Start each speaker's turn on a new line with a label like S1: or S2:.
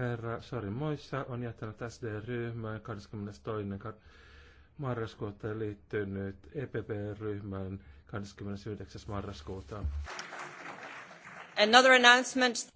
S1: Herra Sari Moissa on jättänyt sd ryhmän 22. marraskuuta ja liittynyt epp ryhmän 29. marraskuuta.
S2: Another announcement.